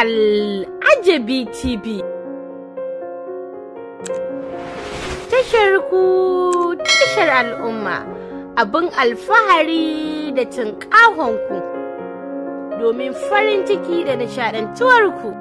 Al'ajabi TV. Tashar ku tashar al'umma abin alfahari da ku domin farin ciki da nishadantuwarku.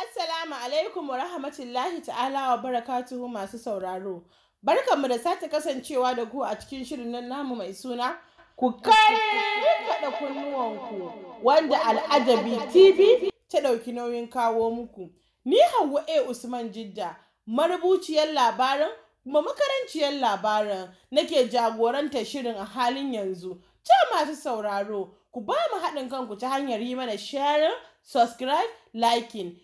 Assalamu alaikum wa rahmatullahi ta'ala wa barakatuhu masu sauraro. Barkanmu da sake kasancewa da ku a cikin shirin nan namu mai suna ku kai kada kunnuwanku wanda al'ajabi tv ta ɗauki nauyin kawo muku. Ni Hauwa A. Usman Jidda, marubuciyar labarin kuma makaranciyar labarin nake jagorantar shirin a halin yanzu. Ce masu sauraro, ku ba mu haɗin kanku ta hanyar yi mana sharing, subscribe, liking.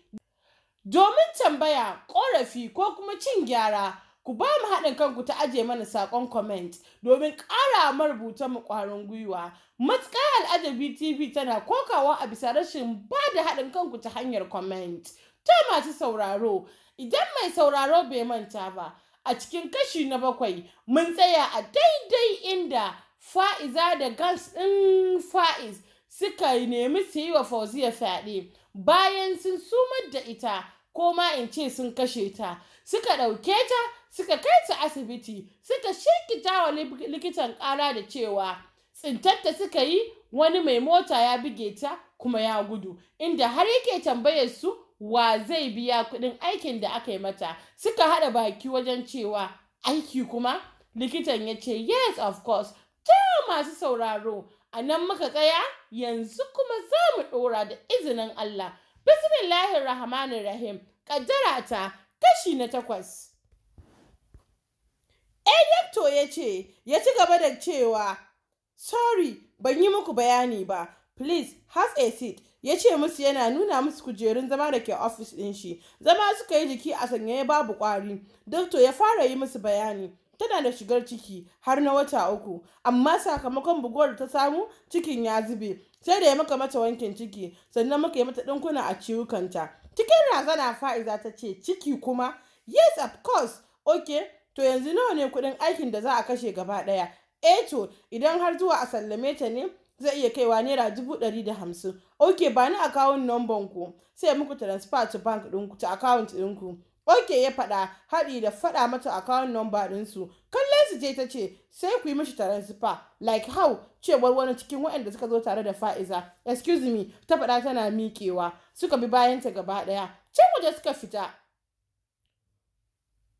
Domin tambaya, ƙorafi ko kuma cin gyara. ku ba mu haɗin kanku ta aje mana saƙon comment domin ƙara marubuta mu ƙwarin gwiwa matuƙa al'ajabi tv tana kokawa a bisa rashin ba da haɗin kanku ta hanyar comment ta masu sauraro idan mai sauraro bai manta ba a cikin kashi na bakwai mun tsaya a daidai inda fa'iza da gas ɗin fa'iz suka nemi su yi wa fauziya fyaɗe bayan sun sumar da ita ko ma in ce sun kashe ta suka ɗauke ta suka kai ta asibiti suka shirkita wa likitan ƙara da cewa tsintatta suka yi wani mai mota ya buge ta kuma ya gudu inda har yake tambayar su wa zai biya kuɗin aikin da aka yi mata suka haɗa baki wajen cewa aiki kuma likitan ya ce yes of course ta masu sauraro a nan muka tsaya yanzu kuma za mu ɗora da izinin Allah bismillahir rahmanir rahim Ƙaddarata, ta kashi na takwas Edekto eh, ya ce, ya ci gaba da cewa, Sorry, ban yi muku bayani ba, please has a seat. Ya ce musu yana nuna musu kujerun zama da ke ofis ɗin shi, zama suka yi jiki a sanyaye babu ƙwari. Dokto ya fara yi musu bayani, tana da shigar ciki har na wata uku, amma sakamakon buguwar da ta samu cikin ya zube, sai da ya maka mata wankin ciki, sannan muka yi mata ɗinkuna a ciwukanta. Cikin razana fa'iza ta ce ciki kuma, yes of course, okay, to yanzu nawa ne kuɗin aikin da za a kashe gaba ɗaya E to idan har zuwa a sallame ta ne zai iya kaiwa naira dubu ɗari da hamsin ok ba ni akawun nomban ku sai muku transfer to bank ɗinku ta account ɗinku ok ya faɗa haɗi da faɗa mata akawun nomba ɗinsu kallon su je ta ce sai ku yi mashi transfer like how cewar wani cikin waɗanda suka zo tare da fa'iza excuse me ta faɗa tana miƙewa suka bi bayanta gaba ɗaya can waje suka fita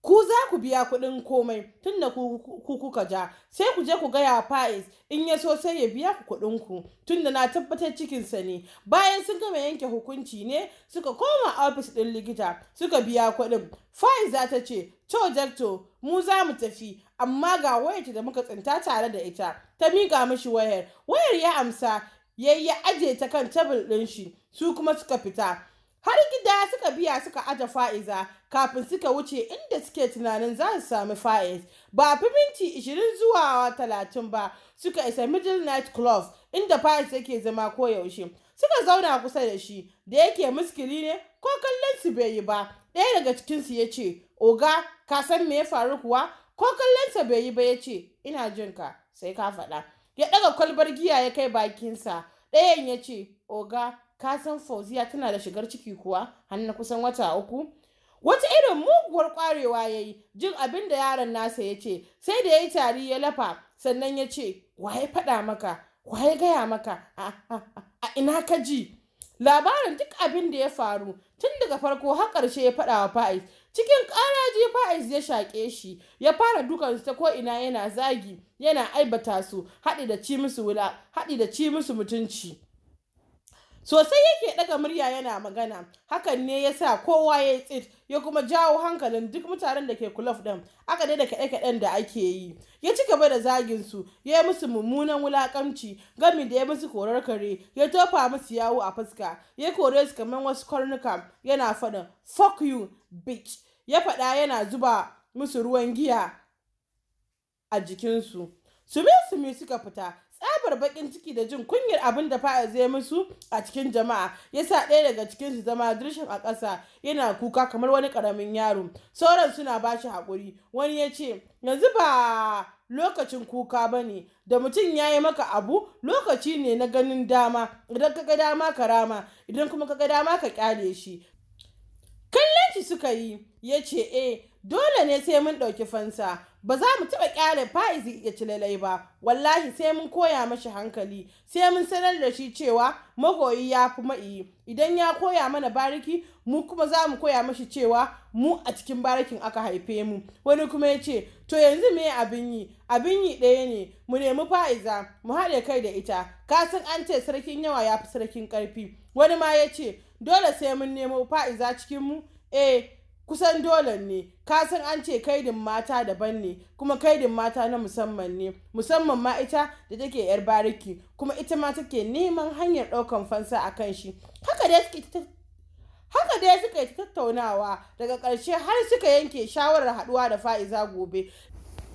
ku za ku biya kuɗin komai tun da ku kuka ja sai ku je ku gaya fa'is in ya so sai ya biya ku kuɗin ku tun da na tabbatar cikinsa ne bayan sun gama yanke hukunci ne suka koma ofis ɗin likita suka biya kuɗin fa'is za ta ce to jarto mu za mu tafi amma ga wayarta da muka tsinta tare da ita ta miƙa mishi wayar wayar ya amsa ya yi aje ta kan tabul ɗin shi su kuma suka fita har gida suka biya suka aje fa'iza kafin suka wuce inda suke tunanin za su sami fa'is ba fi minti 20 zuwa 30 ba suka isa middle night club inda fa'is yake zama koyaushe suka zauna kusa da shi da yake muskili ne ko kallon su bai yi ba ɗaya daga cikinsu ya ce oga ka san me ya faru kuwa ko kallon sa bai yi ba ya ce ina jin ka sai ka faɗa ya ɗaga kwalbar giya ya kai bakinsa ɗayan ya ce oga ka san fauziya tana da shigar ciki kuwa hannu kusan wata uku wata irin muguwar kwarewa ya yi jin abin da yaron nasa ya ce sai da ya yi tari ya lafa sannan ya ce waye faɗa maka waye gaya maka a ina ka ji labarin duk abin da ya faru tun daga farko har ƙarshe ya faɗa wa fa'is cikin ƙaraji fa'is ya shaƙe shi ya fara dukansu ta ko'ina yana zagi yana aibata su haɗi da ci musu wula haɗi da ci musu mutunci sosai yake daga murya yana magana hakan ne ya sa kowa ya tsit ya kuma jawo hankalin duk mutanen da ke kulof ɗin aka da kaɗe-kaɗen da ake yi ya ci gaba da zagin su ya yi musu mummunan wulakanci gami da ya musu korar kare ya tofa musu yawo a fuska ya kore su kamar wasu karnuka yana faɗin fuck you bitch ya faɗa yana zuba musu ruwan giya a jikinsu su sumi suka fita tsabar bakin ciki da jin kunyar abin da fa'a zai musu a cikin jama'a yasa ɗaya daga cikin su zama dirshin a ƙasa yana kuka kamar wani ƙaramin yaro sauran suna ba shi haƙuri wani ya ce yanzu ba lokacin kuka ba ne da mutum ya yi maka abu lokaci ne na ganin dama idan ka ga dama ka rama idan kuma ka ga dama ka kyale shi kallon shi suka yi ya ce eh dole ne sai mun ɗauki fansa ba za mu taɓa ƙyale fa'izi ya ci lalai ba wallahi sai mun koya mashi hankali sai mun sanar da shi cewa magoyi ya fi ma'iyi idan ya koya mana bariki mu kuma za mu koya mashi cewa mu a cikin barikin aka haife mu wani kuma ya ce to yanzu me abin yi abin yi ɗaya ne mu nemi fa'iza mu haɗe kai da ita ka san an ce sarkin yawa ya fi sarkin ƙarfi wani ma ya ce dole sai mun nemo fa'iza cikin mu eh kusan dole ne ka san an ce kaidin mata daban ne kuma kaidin mata na musamman ne musamman ma ita da take yar bariki kuma ita ma take neman hanyar ɗaukan fansa a kan shi haka dai suka yi tattaunawa daga ƙarshe har suka yanke shawarar haɗuwa da fa'iza gobe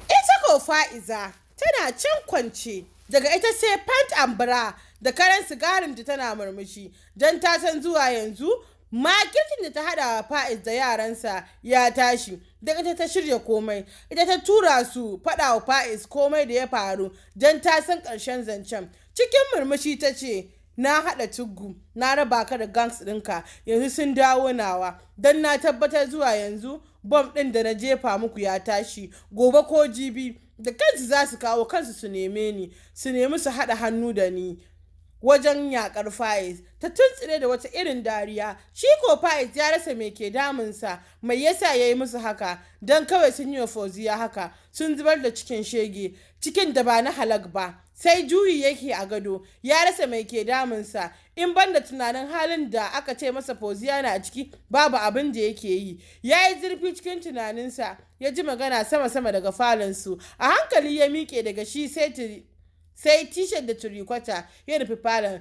ita ko fa'iza tana cin kwance daga ita sai pant and bra da karen sigarin ta tana murmushi don ta san zuwa yanzu makircin da ta hada fa'iz da yaransa ya tashi da ita ta shirya komai ita ta tura su fada wa fa'iz komai da ya faru don ta san karshen zancen cikin murmushi ta ce na hada tuggu na raba ka da gangs ɗinka yanzu sun dawo nawa don na tabbatar zuwa yanzu bom ɗin da na jefa muku ya tashi gobe ko jibi da kansu za su kawo kansu su neme ni su nemi su hada hannu da ni wajen yakar Faiz ta tuntsire da wata irin dariya shi ko Faiz ya rasa mai ke damunsa mai yasa ya yi musu haka don kawai sun yi wa Fauziya haka sun zubar da cikin shege cikin da ba na halak ba sai juyi yake a gado ya rasa mai ke damunsa in ban da tunanin halin da aka ce masa foziya na ciki babu abin da yake yi ya yi zurfi cikin tunaninsa ya ji magana sama-sama daga falinsu a hankali ya miƙe daga shi sai sai tishan da turikwata ya nufi falon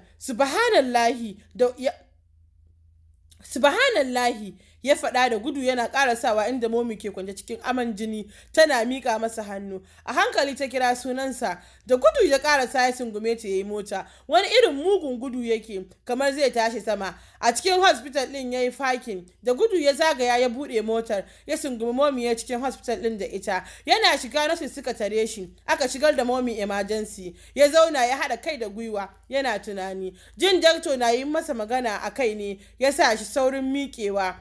subhanan lahi ya fada faɗa da gudu yana ƙarasawa inda momi ke kwance cikin aman jini tana miƙa masa hannu a hankali ta kira sunansa da gudu ya ƙara ya sungume ta yi mota wani irin mugun gudu yake kamar zai tashi sama a cikin hospital din yi fakin da gudu ya zagaya ya buɗe motar ya sungumi momi ya cikin hospital din da ita yana shiga nasu suka tare shi aka shigar da momi emergency ya zauna ya haɗa kai da gwiwa yana tunani jin dakto na yi masa magana a kai ne ya sa shi saurin miƙewa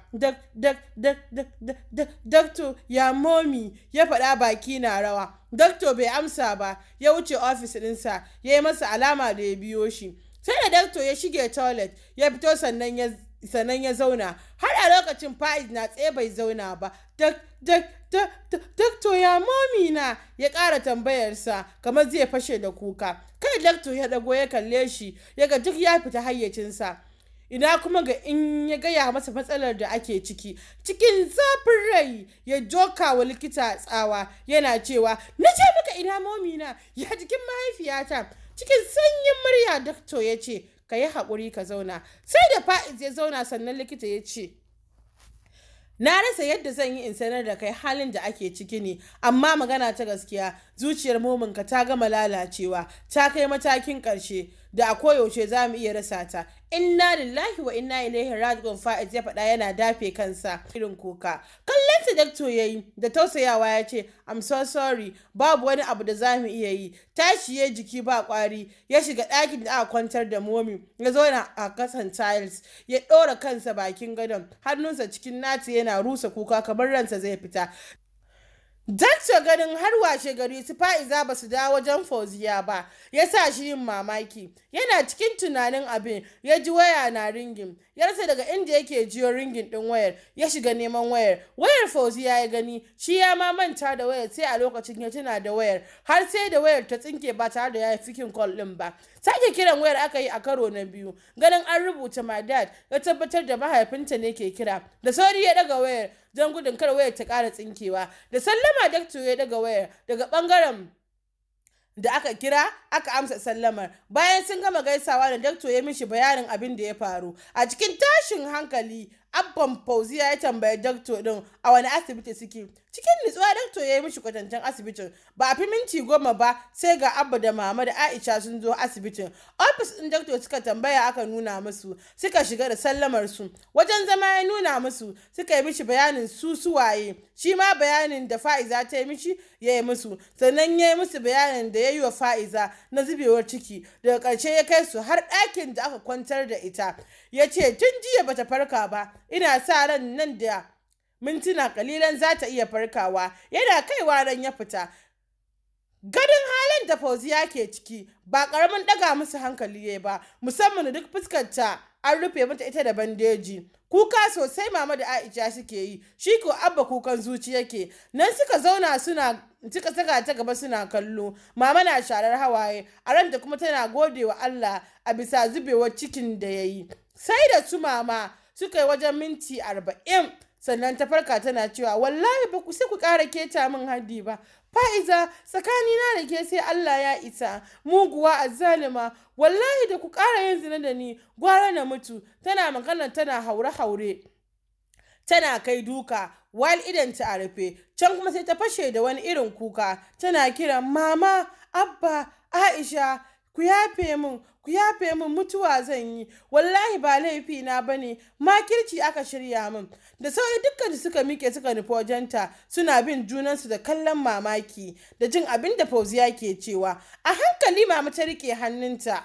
dakto ya momi ya faɗa baki na rawa dokto bai amsa ba ya wuce ofis ɗinsa ya yi masa alama da ya biyo shi sai da dakto ya shige toilet ya fito sannan ya ya zauna har a lokacin fa'iz na tsaye bai zauna ba dakto ya momi na ya ƙara tambayarsa kamar zai fashe da kuka kai dakto ya dago ya kalle shi ya ga duk ya fita hayyacinsa ina kuma ga in ya gaya masa matsalar da ake ciki cikin zafin rai ya joka wa likita tsawa yana cewa na ce maka ina momina ya jikin mahaifiyata cikin sanyin murya dakto ya ce ka yi haƙuri ka zauna sai da fa'iz ya zauna sannan likita ya ce na rasa yadda zan yi in sanar da kai halin da ake ciki ne amma magana ta gaskiya zuciyar mominka ta gama lalacewa ta kai matakin ƙarshe da a koyaushe za mu iya rasa ta inna lillahi wa inna ilaihi raji'un fa'iz ya faɗa yana dafe kansa irin kuka kallon ta dakto yayi da tausayawa ya ce i'm so sorry babu wani abu da za mu iya yi tashi ya jiki ba kwari ya shiga ɗakin da aka kwantar da momi ya zauna a kasan tiles ya ɗora kansa bakin gadon hannunsa cikin nati yana rusa kuka kamar ransa zai fita Dakta ganin har washe gari su fa'iza ba su dawo wajen fauziya ba, ya sa shi yin mamaki. Yana cikin tunanin abin, ya ji waya na ringin, ya rasa daga inda yake jiyo ringin ɗin wayar, ya shiga neman wayar. Wayar fauziya ya gani, shi ya ma manta da wayar sai a lokacin ya tuna da wayar, har sai da wayar ta tsinke ba tare da ya yi fikin kwal ɗin ba. sake kiran wayar aka yi a karo na biyu ganin an rubuta my dad ya tabbatar da mahaifinta ne ke kira da sauri ya daga wayar don gudun kar wayar ta kara tsinkewa da sallama dakto ya daga wayar daga bangaren da aka kira aka amsa sallamar bayan sun gama gaisawa da dakto ya mishi bayanin abin da ya faru a cikin tashin hankali abban fauziya ya tambayi dakto din a wani asibiti suke cikin nutsuwa dakto ya yi mishi kwatancen asibitin ba a fi minti goma ba sai ga abba da mama da aisha sun zo asibitin ofis ɗin dakto suka tambaya aka nuna musu suka shiga da sallamar su wajen zama ya nuna musu suka yi mishi bayanin su su waye, shi ma bayanin da fa'iza ta yi mishi ya yi musu sannan ya yi musu bayanin da ya yi wa fa'iza na zubewar ciki daga ƙarshe ya kai su har ɗakin da aka kwantar da ita ya ce tun jiya bata farka ba ina sa ran nan da mintuna kalilan za ta iya farkawa yana kaiwa ran ya fita gadin halin da fauziya ke ciki ba karamin daga musu hankali ya ba musamman duk fuskarta an rufe mata ita da bandeji kuka sosai mama da aisha suke yi shi ko abba kukan zuci yake nan suka zauna suna suka saka ta gaba suna kallo mama na sharar hawaye a ranta kuma tana gode wa allah a bisa zubewar cikin da ya yi sai da su mama suka yi wajen minti arba'in sannan ta farka tana cewa wallahi ba ku sai ku ƙara keta min haddi ba fa'iza tsakanina da ke sai Allah ya isa muguwa a zalima wallahi da ku ƙara yin zina da ni gwara na mutu tana magana tana haure-haure tana kai duka wal idan ta rufe can kuma sai ta fashe da wani irin kuka tana kiran mama abba aisha ku yafe min ku yafe min mutuwa zan yi wallahi ba laifi na bane kirki aka shirya min da sauri dukkan suka mike suka nufi wajenta suna bin junansu da kallon mamaki da jin abinda da fauziya ke cewa a hankali mama ta rike hannunta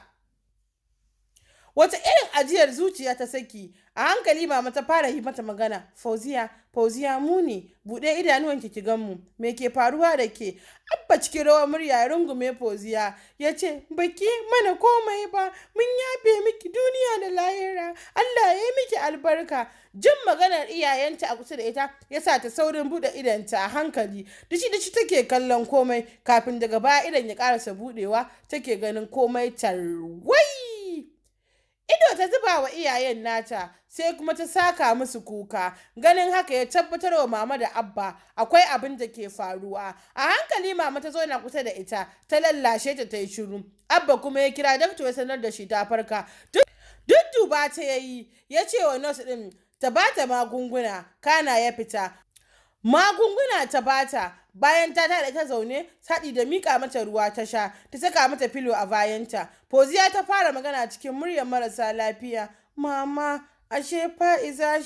Wata irin ajiyar zuciya ta saki, a hankali mama ta fara yi mata magana, Fauziya, Fauziya mu ne, buɗe idanuwanki ki gan mu, me ke faruwa da ke? Abba cikin rawa murya ya rungume Fauziya, ya ce, baki mana komai ba, mun yafe miki duniya da lahira, Allah ya yi miki albarka. Jin maganar iyayenta a kusa da ita ya sa ta saurin buɗe idanta a hankali, dishi dishi take kallon komai kafin daga baya idan ya ƙarasa buɗewa take ganin komai tarwai. Ido ta zuba wa iyayen nata sai kuma ta saka musu kuka ganin haka ya tabbatar wa mama da abba akwai abin da ke faruwa a hankali mama ta zo na kusa da ita ta lallashe ta ta yi shiru abba kuma ya kira dakto ya sanar da shi ta farka duk duba ta yayi ya ce wa nurse din ta bata magunguna kana ya fita magunguna ta bata bayan ta tada ta zaune saɗi da miƙa mata ruwa ta sha ta saka mata filo a bayanta poziya ta fara magana cikin muryar marasa lafiya mama ashe fa'iza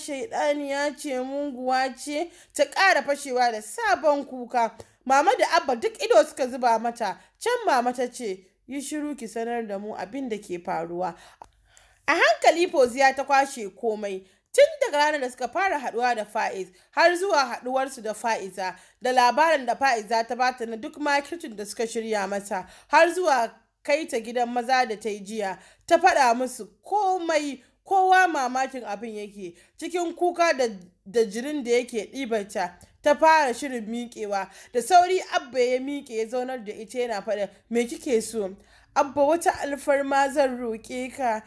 ya ce munguwa ce ta ƙara fashewa da sabon kuka mama da abba duk ido suka zuba mata can mama ta ce yi shiru ki sanar da mu abin da ke faruwa a hankali poziya ta kwashe komai tun daga ranar da suka fara haduwa da fa'iz har zuwa haduwarsu da fa'iza da labarin da fa'iza ta bata na duk makircin da suka shirya mata har zuwa kai ta gidan maza da ta yi jiya ta faɗa musu komai kowa mamakin abin yake cikin kuka da jirin da yake ɗibarta ta fara shirin miƙewa da sauri abba ya miƙe ya zaunar da ita yana faɗa me kike so abba wata alfarma zan roƙe ka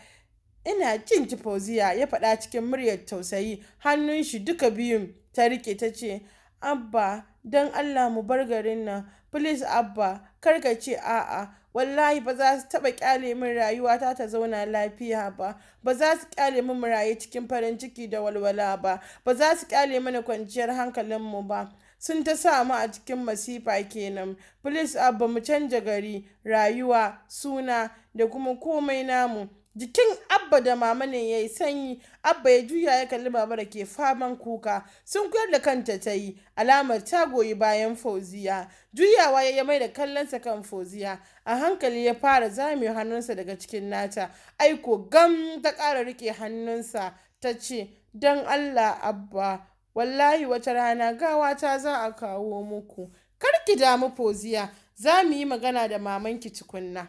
ina jin ki ya faɗa cikin muryar tausayi hannun shi duka biyun ta rike ta ce abba don allah mu bar garin nan please abba kar ka ce a'a wallahi ba za su taɓa ƙyale min rayuwa ta ta zauna lafiya ba ba za su ƙyale min raye cikin farin ciki da walwala ba ba za su ƙyale mana kwanciyar hankalinmu ba sun ta sa mu a cikin masifa kenan please abba mu canja gari rayuwa suna da kuma komai namu Jikin Abba da mama ne ya yi sanyi, Abba ya juya ya kalli baba da ke faman kuka, sun kuyar da kanta ta yi, alamar ta goyi bayan Fauziya. Juyawa ya mai da kallonsa kan Fauziya, a hankali ya fara zame hannunsa daga cikin nata, aiko gam ta ƙara riƙe hannunsa ta ce, Don Allah Abba, wallahi wata rana gawa ta za a kawo muku, kar ki damu Fauziya, za mu yi magana da mamanki tukunna.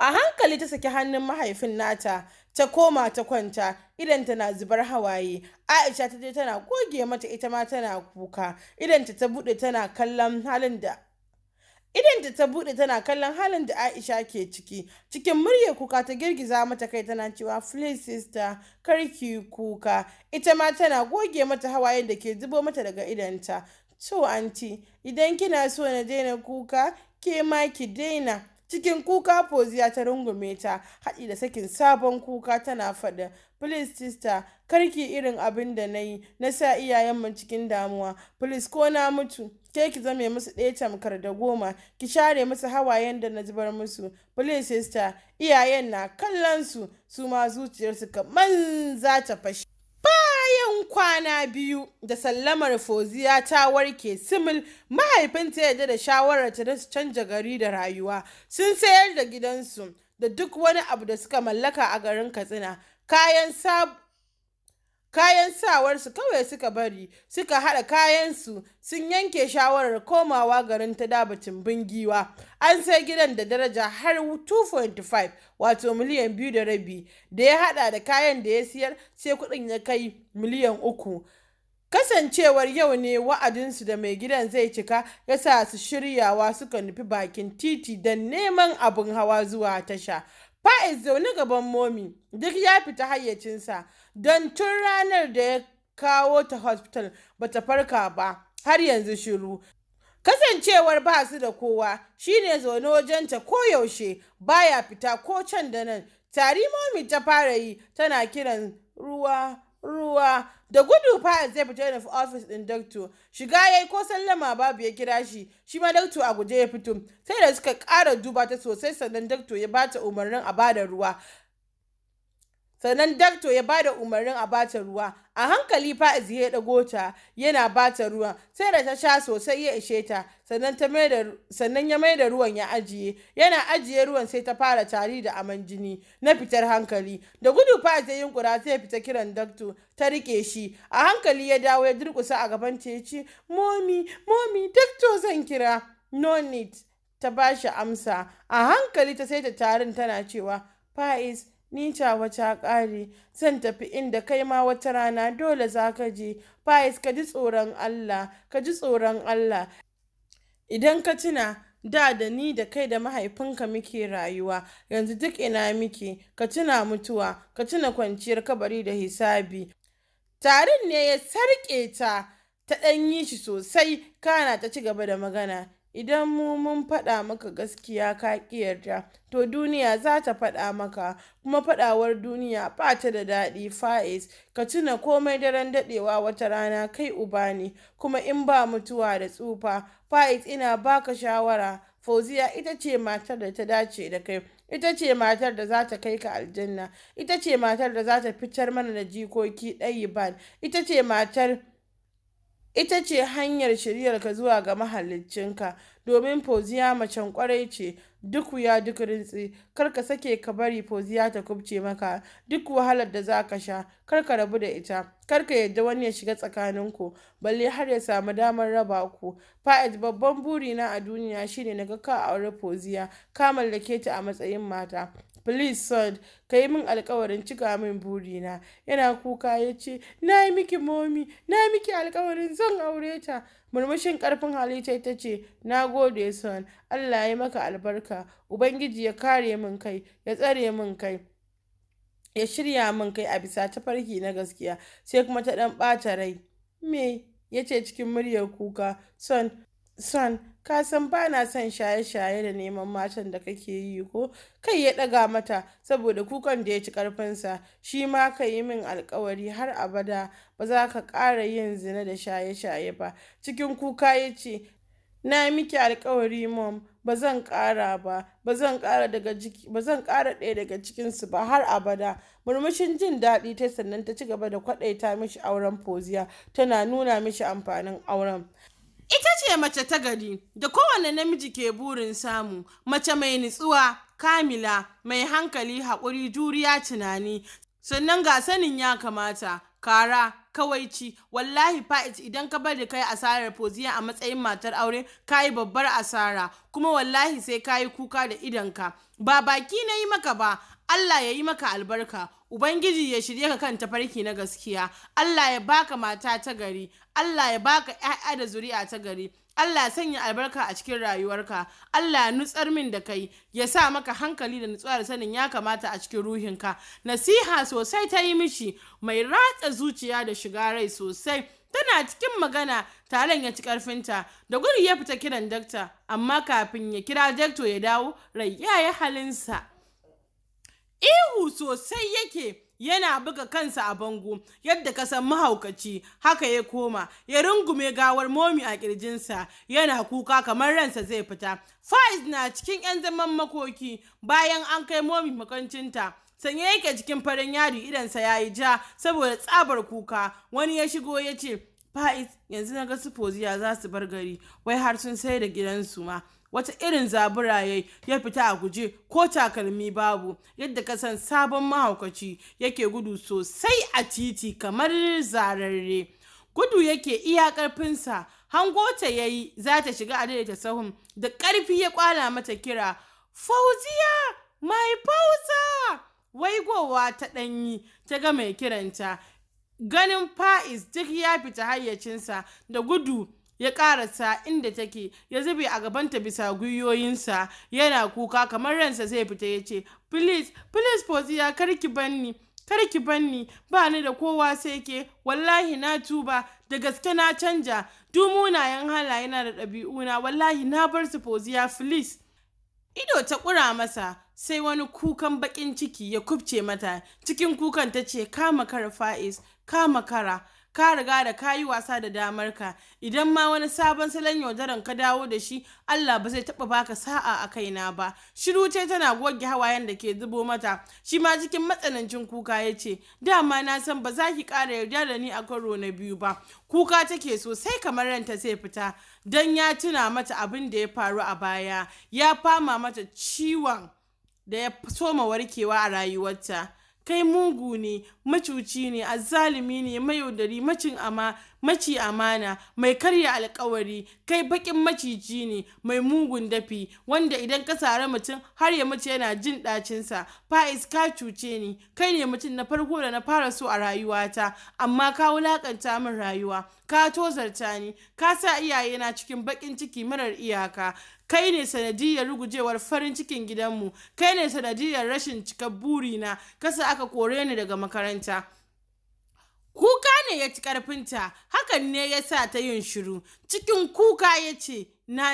a hankali ta saki hannun mahaifin nata ta koma ta kwanta idan tana zubar hawaye aisha ta je tana goge mata ita ma tana kuka idan ta bude tana kallon halin da idan ta bude tana kallon halin da aisha ke ciki cikin murya kuka ta girgiza mata kai tana cewa please sister karki kuka ita ma tana goge mata hawaye da ke zubo mata daga idanta to anti idan kina so na daina kuka ke ma ki daina cikin kuka poziya ta rungume ta haɗi da sakin sabon kuka tana faɗa please sister karki irin abin da na yi na sa iyayenmu cikin damuwa please ko na mutu ke ki zame musu ɗaya tamkar da goma ki share musu hawayen da na zubar musu please sister iyayen na kallon su su ma zuciyarsu kamar za ta fashe kwana biyu da sallamar Foziya ta warke simil mahaifinta yadda da ta da su canja gari da rayuwa sun sayar da gidansu da duk wani abu da suka mallaka a garin Katsina kayan kayan sawarsu kawai suka bari suka haɗa kayansu sun yanke shawarar komawa garin ta dabatin bingiwa an sai gidan da daraja har 2.5 wato miliyan biyu da rabi da ya haɗa da kayan da ya siyar sai kuɗin ya kai miliyan uku kasancewar yau ne wa'adinsu da mai gidan zai cika ya sa su shiryawa suka nufi bakin titi don neman abin hawa zuwa tasha fa'iz zaune gaban momi duk ya fita hayyacinsa don tun ranar da ya kawo ta hospital bata farka ba har yanzu shiru kasancewar ba su da kowa shine zaune wajenta koyaushe baya fita ko can da nan tari momi ta fara yi tana kiran ruwa ruwa da gudu fa zai fita ya ofis ɗin dakto shiga ya yi ko sallama babu ya kira shi shi ma dakto a guje ya fito sai da suka ƙara duba ta sosai sannan dakto ya bata umarnin a bada ruwa sannan dakto ya bada umarnin a bata ruwa a hankali fa'iz ya dago ta yana bata ruwa, sai da ta sha sosai ya ishe ta sannan ta sannan ya maida ruwan ya ajiye yana ajiye ruwan sai ta fara tari da aman jini na fitar hankali da gudu fa'iz ya yunkura sai ya fita kiran dakto ta rike shi a hankali ya dawo ya durkusa a gaban ta ya ce momi momi dakto zan kira no need ta bashi amsa a hankali ta sai ta tarin tana cewa fa'iz Ni ca wata ƙare, zan tafi inda kai ma wata rana dole za ka je. Faiz ka ji tsoron Allah, ka ji tsoron Allah. Idan ka tuna, da da ni da kai da mahaifinka muke rayuwa yanzu duk ina muke ka tuna mutuwa ka tuna kwanciyar kabari da hisabi tarin ne ya sarƙe ta ta ɗan yi shi sosai kana ta ci gaba da magana Idan mu mun faɗa maka gaskiya ka ƙi yarda, to duniya za ta faɗa maka, kuma faɗawar duniya ba ta da daɗi fa’is ka tuna komai daren daɗewa wata rana kai uba ne, kuma in ba mutuwa da tsufa, fa’is ina baka shawara, Fauziya ita ce matar da ta dace da kai, ita ce matar da za ta kai ka aljanna, ita ce matar da za ta fitar mana da jikoki ɗayi ban, ita ce matar ita ce hanyar shiryarka zuwa ga mahaliccinka domin foziya macen kwarai ce duk wuya duk rintsi karka sake ka bari foziya ta kubce maka duk wahalar da za ka sha karka rabu da ita karka yadda wani ya shiga tsakaninku balle har ya samu damar raba ku fa'id babban burina a duniya shine na ga ka aure foziya ka mallake ta a matsayin mata Please, son, ka yi min alkawarin cika min burina. Yana kuka ya ce, Na yi miki momi, na yi miki alkawarin zan aure ta. Murmushin karfin halitta ta ce, Na gode, son, Allah ya maka albarka, Ubangiji ya kare min kai, ya tsare min kai. Ya shirya min kai a bisa ta farki na gaskiya, sai kuma ta dan bata rai. Me? ya ce cikin muryar kuka, son, son ka san ba na son shaye-shaye da neman matan da kake yi ko kai ya daga mata saboda kukan da ya ci karfinsa shi ma ka yi min alkawari har abada ba za ka ƙara yin zina da shaye-shaye ba cikin kuka ya ce na miki alkawari mom ba zan ƙara ba ba zan ƙara ɗaya daga cikinsu ba har abada murmushin jin daɗi ta sannan ta ci gaba da kwaɗaita mishi auren poziya tana nuna mishi amfanin auren Ita ce mace ta gari da kowane namiji ke burin samu, mace mai nutsuwa, kamila, mai hankali, haƙuri, juriya, tunani, sannan ga sanin ya kamata, kara, kawaici, wallahi fa'it idan ka bari kai asarar poziya a matsayin matar aure, ka yi babbar asara, kuma wallahi sai ka yi kuka da idanka. Ba baki na yi maka ba, Allah ya yi maka albarka, Ubangiji ya shirya ka kan tafarki na gaskiya, Allah ya baka mata ta gari, Allah ya baka ‘ya'ya da zuri'a ta gari, Allah ya sanya albarka a cikin rayuwarka, Allah ya nutsar min da kai, ya sa maka hankali da nutsuwa da sanin ya kamata a cikin ruhinka. Nasiha sosai ta yi mishi, mai ratsa zuciya da shiga rai sosai. Tana cikin magana taron ya ci ƙarfinta, da gudu ya fita kiran dakta, amma kafin ya kira dakto ya dawo, rai ya yi halinsa. ihu sosai yake yana buga kansa a bango yadda ka san mahaukaci haka ya koma ya rungume gawar momi a kirjinsa yana kuka kamar ransa zai fita faiz na cikin 'yan zaman makoki bayan an kai momi makancinta sanye yake cikin farin yari idansa ya yi ja saboda tsabar kuka wani ya shigo ya ce faiz yanzu na ga su za su bar gari wai har sun sai da gidansu ma wata irin zabura ya ya fita a guje ko takalmi babu yadda kasan sabon mahaukaci yake gudu sosai a titi kamar zararre gudu yake iya ƙarfinsa hangota ya yi za ta shiga a daidaita sahun da ƙarfi ya kwala mata kira fauziya mai fauza waigowa ta ɗanyi ta ga mai kiranta ganin fa'is duk ya fita hayyacinsa da gudu ya karasa inda take ya zube a gabanta bisa gwiwoyinsa yana kuka kamar ransa zai fita ya ce please please fauziya karki banni karki banni ba ni da kowa sai ke wallahi na tuba da gaske na canja dumunayen halaye na da ɗabi'una wallahi na bar su fauziya please ido ta ƙura masa sai wani kukan bakin ciki ya kubce mata cikin kukan ta ce kama kara fa'is kama kara ka riga da ka yi wasa da damar ka. idan ma wani sabon salon yaudaran ka dawo da shi Allah ba zai taɓa baka sa'a a kaina ba shiru ce tana goge hawayen da ke zubo mata shi ma cikin matsanancin kuka ya ce dama na san ba za ki ƙara yarda da ni a karo na biyu ba kuka take sosai kamar ranta zai fita Dan ya tuna mata abin da ya faru a baya ya fama mata ciwon da ya soma warkewa a rayuwarta kai mugu ne macuci ne azzalimi ne mayaudari macin ama maci amana mai karya alkawari kai bakin maciji ne mai mugun dafi wanda idan ka sare mutum har ya mace yana jin ɗacinsa fa'is ka cuce ni kai ne mutum na farko da na fara so a rayuwata amma ka wulakanta min rayuwa ka tozarta ni ka sa iyaye na cikin bakin ciki marar iyaka kai ne sanadiyar rugujewar farin cikin gidanmu kai ne sanadiyar rashin cikar burina kasa aka kore ni daga makaranta kuka ne ya ci ƙarfinta hakan ne ya sa ta yin shiru cikin kuka ya ce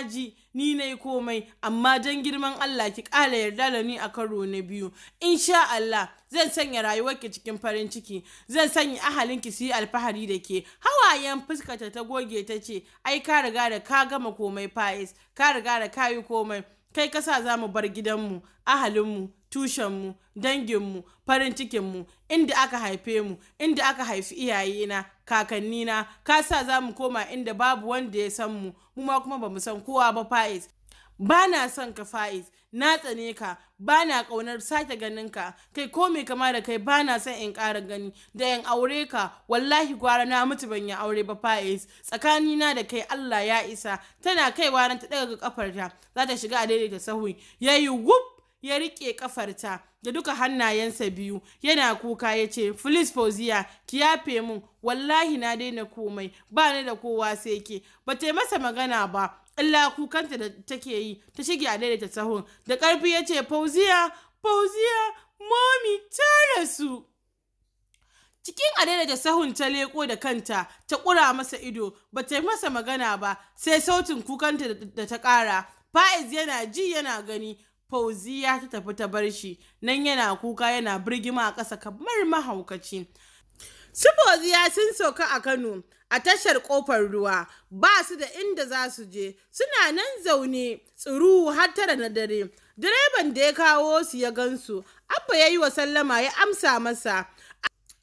ji ni na komai amma don girman Allah ki ƙara yarda da ni a karo na biyu in sha Allah zan sanya rayuwarki cikin farin ciki zan sanya ahalinki su yi alfahari da ke hawayen fuskata ta goge ta ce ai ka riga da ka gama komai fa'is ka riga da ka yi komai kai kasa za mu bar gidanmu ahalinmu tushenmu danginmu farin cikinmu inda aka haife mu inda aka haifi iyayena kakannina ka sa za mu koma inda babu wanda ya san mu mu ma kuma ba mu san kowa ba fa'iz ba na son ka fa'iz na tsane ka ba na ƙaunar sake ganin ka kai ko mai kama da kai ba na son in ƙara gani da in aure ka wallahi gwara na mutu ban yi aure ba fa'iz tsakanina da kai Allah ya isa tana kaiwa ran ta daga kafarta za ta shiga a daidaita sahu yayi wup ya riƙe ƙafarta da duka hannayensa biyu yana kuka ya ce filis fauziya ki yafe mun wallahi na daina komai ba ni da kowa sai ke ba ta masa magana ba illa kukanta da take yi ta shige a daidaita sahun da ƙarfi ya ce fauziya fauziya momi ta rasu cikin adaidaita sahun ta leko da kanta ta ƙura masa ido ba ta masa magana ba sai sautin kukanta da ta ƙara fa'iz yana ji yana gani ya ta tafi ta bar shi, nan yana kuka yana birgima a ƙasa kamar mahaukaci. Su ya sun sauka a Kano a tashar ƙofar ruwa, ba su da inda za su je, suna nan zaune tsuru har tara na dare. Direban da ya kawo su ya gansu, Abba ya yi wa sallama ya amsa masa.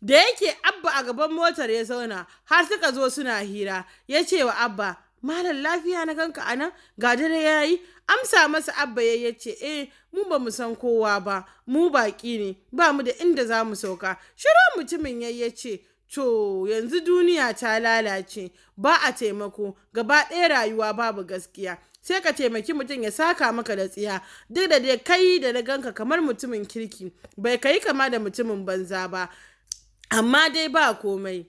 Da yake Abba a gaban motar ya zauna har suka zo suna hira, ya ce wa Abba, malam lafiya na ganka a nan ga dare ya yi amsa masa abba ya ce eh mu ba mu san kowa ba mu baƙi ne ba mu da inda za mu sauka shirin mutumin ya ce to yanzu duniya ta lalace ba a taimako gaba ɗaya rayuwa babu gaskiya sai ka taimaki mutum ya saka maka da tsiya duk da dai kai da na ganka kamar mutumin kirki bai kai kama da mutumin banza ba amma dai ba komai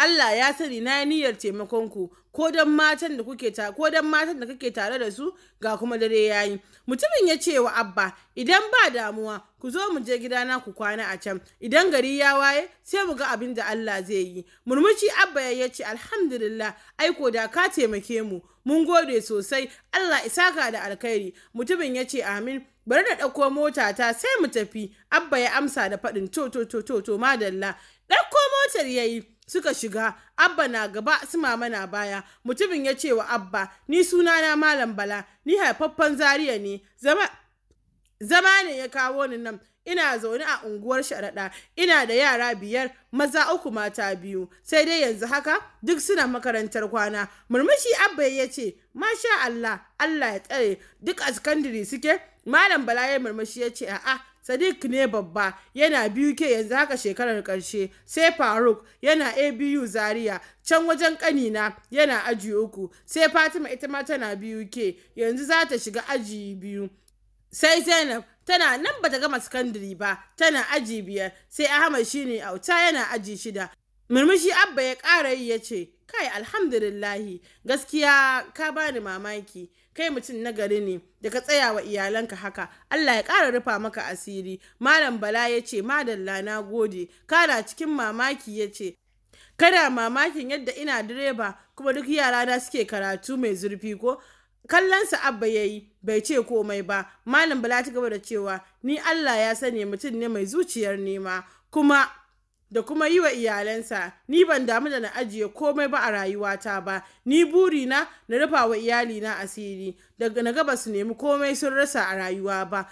Allah ya sani na niyyar taimakon ku ko don matan da kuke ta ko dan matan da kake tare da su ga kuma dare yayi mutumin ya ce wa abba idan ba damuwa ku zo mu je gidana ku kwana a can idan gari ya waye sai mu ga abin da Allah zai yi murmushi abba ya ce alhamdulillah aiko da ka taimake mu mun gode sosai Allah isa isaka da alkhairi mutumin ya ce amin bari na ɗauko mota ta sai mu tafi abba ya amsa da faɗin to to to to to madalla ɗauko motar yayi suka shiga abba na gaba su mama na baya mutumin ya ce wa abba ni suna na malam bala ni haifaffen zaria ne zama ne ya kawo ni nan ina zaune a unguwar sharaɗa ina da yara biyar maza uku mata biyu sai dai yanzu haka duk suna makarantar kwana murmushi abba ya ce masha Allah Allah ya tsare duk a suke malam bala ya murmushi ya ce a'a Sadiq ne babba yana biyu ke yanzu haka shekarar ƙarshe sai Faruk yana ABU Zaria can wajen ƙanina yana aji uku sai Fatima ita ma tana biyu ke yanzu za ta shiga aji biyu sai Zainab tana nan bata gama sakandare ba tana aji biyar sai Ahmad shine auta yana aji shida murmushi abba ya ƙara yi ya ce kai alhamdulillahi gaskiya ka bani mamaki kai mutum na gari ne da ka tsaya wa iyalanka haka Allah ya ƙara rufa maka asiri malam bala ya ce madalla na gode kana cikin mamaki ya ce 'Kada mamakin yadda ina direba kuma duk yarana suke karatu mai zurfi ko kallonsa abba ya yi bai ce komai ba malam bala ta gaba da cewa ni Allah ya sani mutum ne mai zuciyar nema kuma da kuma yi wa iyalansa ni ban damu da na ajiye komai ba a rayuwata ba ni buri na na rufa wa iyalina asiri daga na gaba su nemi komai sun rasa a rayuwa ba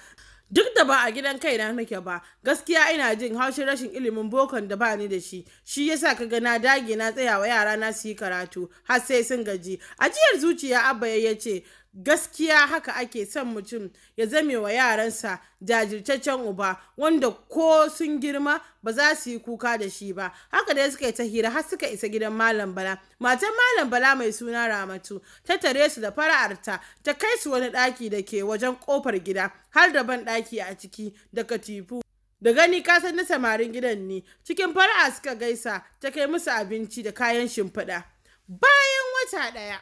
duk da ba a gidan kai na nake ba gaskiya ina jin haushin rashin ilimin bokon da ba ni da shi shi yasa ka ga na dage na tsaya wa yara na su yi karatu har sai sun gaji ajiyar zuciya abba ya ce gaskiya haka ake son mutum ya zame wa yaransa jajirtaccen uba wanda ko sun girma ba za su yi kuka da shi ba haka da suka yi ta hira har suka isa gidan malam bala matan malam bala mai suna ramatu ta tare su da fara'arta ta kai su wani ɗaki da ke wajen kofar gida har da ban ɗaki a ciki da katifu da gani kasan na samarin gidan ne cikin fara'a suka gaisa ta kai musu abinci da kayan shimfiɗa bayan wata ɗaya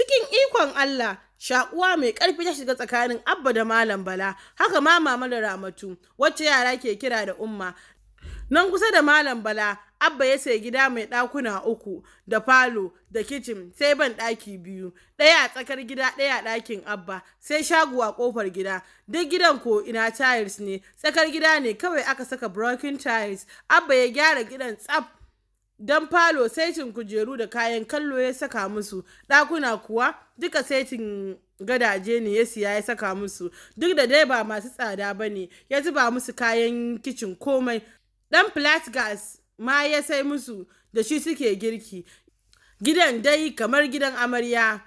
Cikin ikon Allah, shaƙuwa mai ƙarfi ta shiga tsakanin Abba da Malam Bala, haka ma Mama da Ramatu, wacce yara ke kira da Umma. Nan kusa da Malam Bala, Abba ya sayi gida mai ɗakuna uku da falo da kicin sai ban ɗaki biyu, ɗaya a tsakar gida ɗaya a ɗakin Abba, sai shago a ƙofar gida. Duk gidan ko ina tiles ne, tsakar gida ne kawai aka saka broken tiles. Abba ya gyara gidan tsaf don falo saitin kujeru da kayan kallo ya saka musu ɗakuna kuwa duka saitin gadaje ne ya siya ya saka musu duk da dai ba masu tsada ba ne ya zuba musu kayan kicin komai ɗan flat gas ma ya sai musu da shi suke girki gidan dai kamar gidan amarya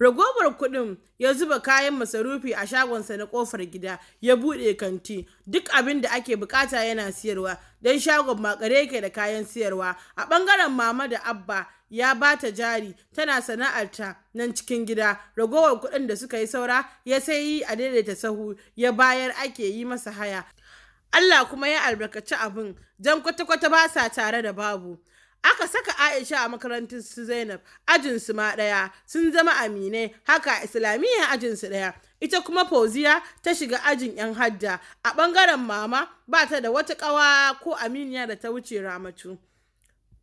Ragowar kuɗin ya zuba kayan masarufi a shagonsa na ƙofar gida ya buɗe kanti duk abin da ake bukata yana siyarwa don shagon makare yake da kayan siyarwa a ɓangaren mama da abba ya ba ta jari tana sana'arta nan cikin gida ragowar kuɗin da suka yi saura ya sai yi a daidaita sahu ya bayar ake yi masa haya Allah kuma ya albarkaci abin jan kwata-kwata ba sa tare da babu aka saka aisha a makarantar su zainab ajinsu ma ɗaya sun zama aminai haka a islamiyya ajinsu ɗaya ita kuma fauziya ta shiga ajin yan hadda, a ɓangaren mama ba ta da wata ƙawa ko aminiya da ta wuce ramatu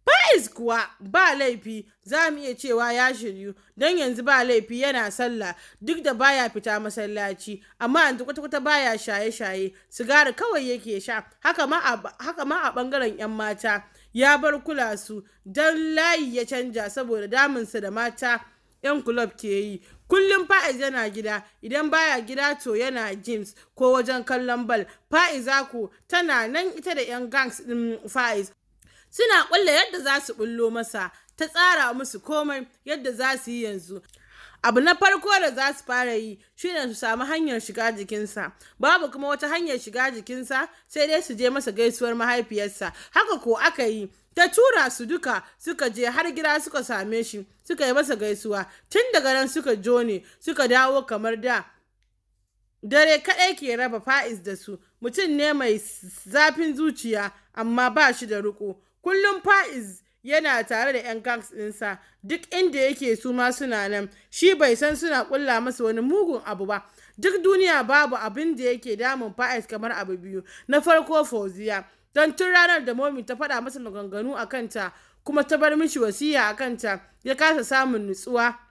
Faiz kuwa ba laifi za mu iya cewa ya shiryu don yanzu ba laifi yana sallah duk da baya fita masallaci amma yanzu kwata-kwata baya shaye-shaye sigari kawai yake sha haka ma a ɓangaren 'yan mata ya bar kula su don layi ya canja saboda damunsa da mata 'yan kulob ke yi kullum fa'iz yana gida idan baya gida to yana gyms ko wajen kallon bal fa'iza ku tana nan ita da 'yan gangs din fa'iz suna kulle yadda za su ɓullo masa ta tsara musu komai yadda za su yi yanzu abu na farko da za su fara yi shine su samu hanyar shiga jikinsa babu kuma wata hanyar shiga jikinsa sai dai su je masa gaisuwar mahaifiyarsa haka ko aka yi ta tura su duka suka je har gida suka same shi suka yi masa gaisuwa tun daga nan suka jone suka dawo kamar da dare kaɗai ke raba fa'is da su mutum ne mai zafin zuciya amma ba shi da riko kullum fa'iz yana tare da 'yan gangs ɗinsa duk inda yake su ma suna nan shi bai san suna ƙulla masa wani mugun abu ba duk duniya babu abin da yake damun fa'is kamar abu biyu na farko fauziya don tun ranar da momi ta faɗa masa maganganu a kanta kuma ta bar mishi wasiya a kanta ya kasa samun nutsuwa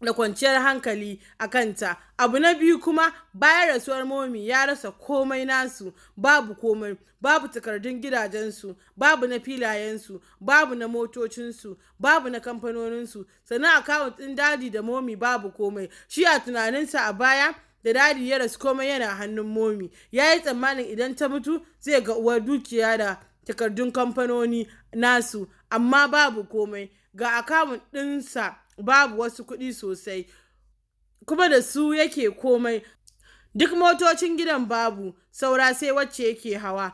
da kwanciyar hankali a kanta abu na biyu kuma bayan rasuwar momi ya rasa komai nasu babu komai babu takardun gidajensu babu na filayensu babu na motocinsu babu na kamfanoninsu sannan akawun ɗin dadi da momi babu komai shi a tunaninsa a baya da dadi ya rasu komai yana hannun momi ya yi tsammanin idan ta mutu zai ga uwar dukiya da takardun kamfanoni nasu amma babu komai ga akawun ɗinsa babu wasu kuɗi sosai kuma da su yake komai duk motocin gidan babu saura sai wacce yake hawa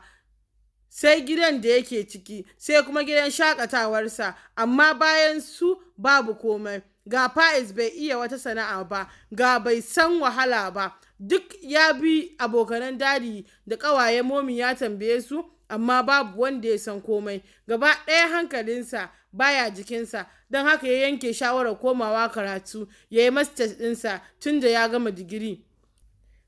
sai gidan da yake ciki sai kuma gidan shakatawarsa amma bayan su babu komai ga Faiz bai iya wata sana'a ba ga bai san wahala ba duk ya bi abokanan dadi da ƙawaye momi ya tambaye su amma babu wanda ya san komai gaba ɗaya hankalinsa baya jikinsa don haka ya yanke shawarar komawa karatu ya yi masters ɗinsa tun da ya gama digiri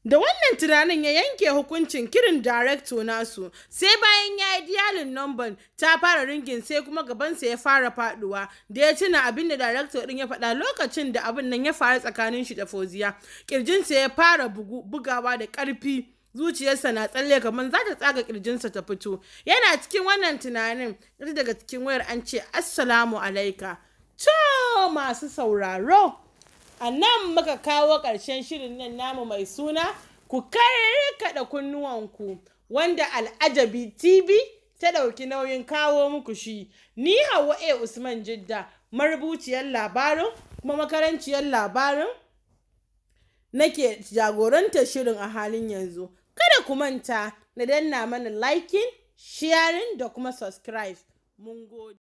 da wannan tunanin ya yanke hukuncin kirin directo nasu sai bayan ya yi diyalin numban ta fara ringin sai kuma gabansa ya fara faduwa da ya tuna abin da directo din ya faɗa lokacin da abin nan ya faru tsakanin shi da foziya kirjinsa ya fara bugawa da ƙarfi zuciyarsa na tsalle kamar za ta tsaga kirjinsa ta fito yana cikin wannan tunanin ɗaya daga cikin wayar an ce assalamu alaika to masu sauraro a nan muka kawo ƙarshen shirin nan namu mai suna ku kaɗa kunnuwanku wanda al'ajabi tv ta ɗauki nauyin kawo muku shi ni hawa a usman jidda marubuciyar labarin kuma makaranciyar labarin nake jagorantar shirin a halin yanzu Kada ku manta na danna mana liking, sharing da kuma subscribe. Mun gode.